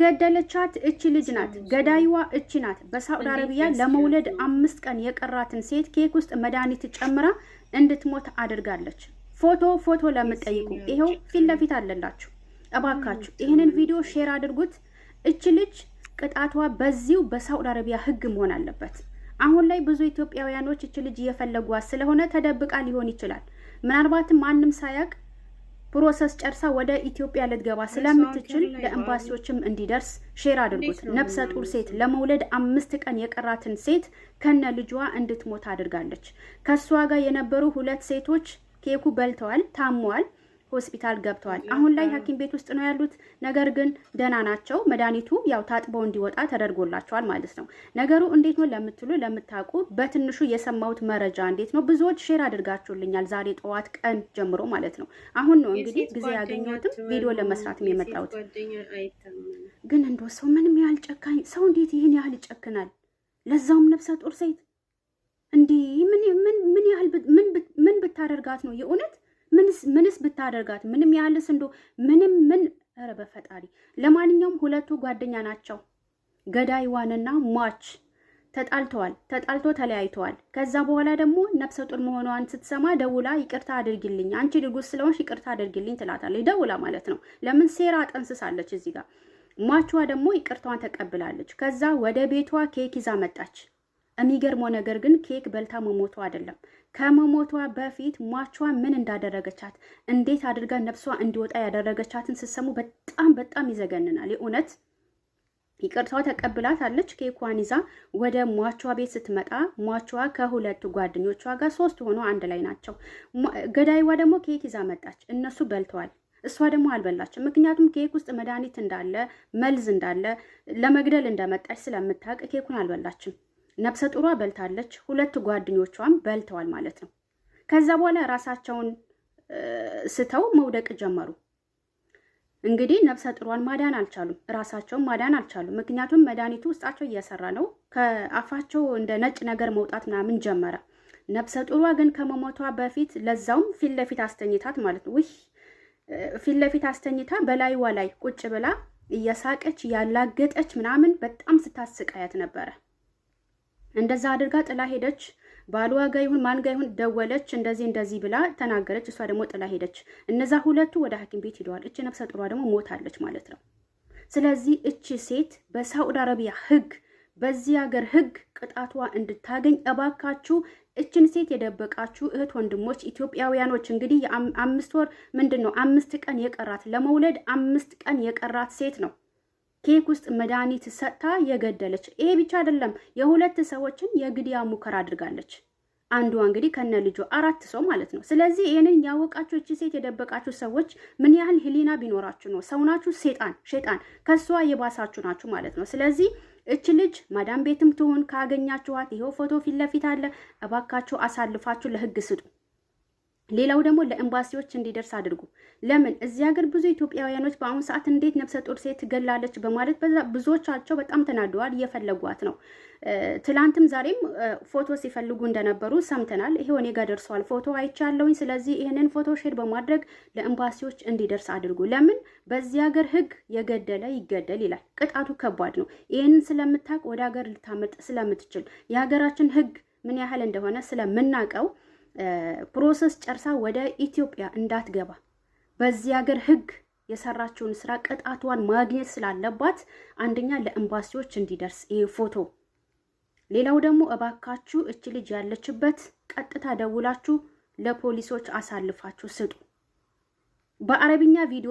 ገደለቻት እቺ ልጅ ናት። ገዳይዋ እቺ ናት። በሳዑዲ አረቢያ ለመውለድ አምስት ቀን የቀራትን ሴት ኬክ ውስጥ መድኃኒት ጨምራ እንድትሞት አድርጋለች። ፎቶ ፎቶ ለምጠይቁ ይኸው ፊት ለፊት አለላችሁ። እባካችሁ ይህንን ቪዲዮ ሼር አድርጉት። እቺ ልጅ ቅጣቷ በዚሁ በሳውዲ አረቢያ ህግ መሆን አለበት። አሁን ላይ ብዙ ኢትዮጵያውያኖች እቺ ልጅ እየፈለጓት ስለሆነ ተደብቃ ሊሆን ይችላል። ምናልባትም ማንም ሳያውቅ ፕሮሰስ ጨርሳ ወደ ኢትዮጵያ ልትገባ ስለምትችል ለኤምባሲዎችም እንዲደርስ ሼር አድርጉት። ነፍሰ ጡር ሴት ለመውለድ አምስት ቀን የቀራትን ሴት ከነ ልጇ እንድትሞት አድርጋለች። ከእሷ ጋር የነበሩ ሁለት ሴቶች ኬኩ በልተዋል፣ ታመዋል። ሆስፒታል ገብተዋል። አሁን ላይ ሐኪም ቤት ውስጥ ነው ያሉት። ነገር ግን ደህና ናቸው። መድኃኒቱ ያው ታጥበው እንዲወጣ ተደርጎላቸዋል ማለት ነው። ነገሩ እንዴት ነው ለምትሉ ለምታውቁ በትንሹ የሰማሁት መረጃ እንዴት ነው ብዙዎች ሼር አድርጋችሁልኛል፣ ዛሬ ጠዋት ቀን ጀምሮ ማለት ነው። አሁን ነው እንግዲህ ጊዜ ያገኘሁትም ቪዲዮ ለመስራት የመጣሁት። ግን እንደ ሰው ምንም ያህል ጨካኝ ሰው እንዴት ይህን ያህል ይጨክናል? ለዛውም ነፍሰ ጡር ሴት እንዲህ ምን ምን ያህል ምን ብታደርጋት ነው የእውነት ምንስ ምንስ ብታደርጋት ምንም ያህልስ እንዶ ምንም ምን ኧረ በፈጣሪ ለማንኛውም ሁለቱ ጓደኛ ናቸው ገዳይዋንና ሟች ተጣልተዋል ተጣልቶ ተለያይተዋል ከዛ በኋላ ደግሞ ነፍሰ ጡር መሆኗን ስትሰማ ደውላ ይቅርታ አድርግልኝ አንቺ ድርጉስ ስለሆንሽ ይቅርታ አድርጊልኝ ትላታለች ደውላ ማለት ነው ለምን ሴራ ጠንስሳለች እዚህ ጋር ሟቿ ደግሞ ይቅርቷን ተቀብላለች ከዛ ወደ ቤቷ ኬክ ይዛ መጣች የሚገርመው ነገር ግን ኬክ በልታ መሞቷ አይደለም። ከመሞቷ በፊት ሟቿ ምን እንዳደረገቻት እንዴት አድርጋ ነፍሷ እንዲወጣ ያደረገቻትን ስሰሙ በጣም በጣም ይዘገንናል። የእውነት ተቀብላት አለች። ኬኳን ይዛ ወደ ሟቿ ቤት ስትመጣ ሟቿ ከሁለቱ ጓደኞቿ ጋር ሶስት ሆኖ አንድ ላይ ናቸው። ገዳይዋ ደግሞ ኬክ ይዛ መጣች። እነሱ በልተዋል። እሷ ደግሞ አልበላችም። ምክንያቱም ኬክ ውስጥ መድኃኒት እንዳለ መልዝ እንዳለ ለመግደል እንደመጣች ስለምታውቅ ኬኩን አልበላችም። ነብሰ ጡሯ በልታለች፣ ሁለት ጓደኞቿም በልተዋል ማለት ነው። ከዛ በኋላ ራሳቸውን ስተው መውደቅ ጀመሩ። እንግዲህ ነብሰ ጡሯን ማዳን አልቻሉም፣ ራሳቸውን ማዳን አልቻሉም። ምክንያቱም መድኃኒቱ ውስጣቸው እየሰራ ነው። ከአፋቸው እንደ ነጭ ነገር መውጣት ምናምን ጀመረ። ነብሰ ጡሯ ግን ከመሞቷ በፊት ለዛውም ፊት ለፊት አስተኝታት ማለት ነው። ውይ ፊት ለፊት አስተኝታ በላይዋ ላይ ቁጭ ብላ እየሳቀች ያላገጠች ምናምን በጣም ስታስቃያት ነበረ። እንደዛ አድርጋ ጥላ ሄደች። ባሏ ጋ ይሁን ማን ጋ ይሁን ደወለች። እንደዚህ እንደዚህ ብላ ተናገረች። እሷ ደግሞ ጥላ ሄደች። እነዛ ሁለቱ ወደ ሐኪም ቤት ሂደዋል። እቺ ነፍሰ ጥሯ ደግሞ ሞታለች ማለት ነው። ስለዚህ እቺ ሴት በሳዑዲ አረቢያ ህግ በዚህ ሀገር ህግ ቅጣቷ እንድታገኝ እባካችሁ እችን ሴት የደበቃችሁ እህት ወንድሞች ኢትዮጵያውያኖች እንግዲህ አምስት ወር ምንድን ነው አምስት ቀን የቀራት ለመውለድ አምስት ቀን የቀራት ሴት ነው ኬክ ውስጥ መድኃኒት ሰጥታ የገደለች። ይሄ ብቻ አይደለም፣ የሁለት ሰዎችን የግድያ ሙከራ አድርጋለች። አንዷ እንግዲህ ከነ ልጁ አራት ሰው ማለት ነው። ስለዚህ ይህንን ያወቃችሁ እቺ ሴት የደበቃችሁ ሰዎች ምን ያህል ህሊና ቢኖራችሁ ነው? ሰውናችሁ ሴጣን ሸጣን ከሷ የባሳችሁ ናችሁ ማለት ነው። ስለዚህ እች ልጅ ማዳም ቤትም ትሆን ካገኛችኋት፣ ይኸው ፎቶ ፊት ለፊት አለ። እባካችሁ አሳልፋችሁ ለህግ ስጡ። ሌላው ደግሞ ለኤምባሲዎች እንዲደርስ አድርጉ። ለምን እዚህ ሀገር ብዙ ኢትዮጵያውያኖች በአሁኑ ሰዓት እንዴት ነፍሰ ጡር ሴት ትገላለች በማለት ብዙዎቻቸው በጣም ተናደዋል። እየፈለጓት ነው። ትላንትም ዛሬም ፎቶ ሲፈልጉ እንደነበሩ ሰምተናል። ይሄ እኔ ጋር ደርሰዋል፣ ፎቶ አይቻለውኝ። ስለዚህ ይህንን ፎቶ ሼር በማድረግ ለኤምባሲዎች እንዲደርስ አድርጉ። ለምን በዚህ ሀገር ህግ የገደለ ይገደል ይላል። ቅጣቱ ከባድ ነው። ይህንን ስለምታውቅ ወደ ሀገር ልታመልጥ ስለምትችል የሀገራችን ህግ ምን ያህል እንደሆነ ስለምናውቀው ፕሮሰስ ጨርሳ ወደ ኢትዮጵያ እንዳትገባ በዚህ ሀገር ህግ የሰራችውን ስራ ቅጣቷን ማግኘት ስላለባት አንደኛ ለኤምባሲዎች እንዲደርስ ይህ ፎቶ፣ ሌላው ደግሞ እባካችሁ እች ልጅ ያለችበት ቀጥታ ደውላችሁ ለፖሊሶች አሳልፋችሁ ስጡ። በአረብኛ ቪዲዮ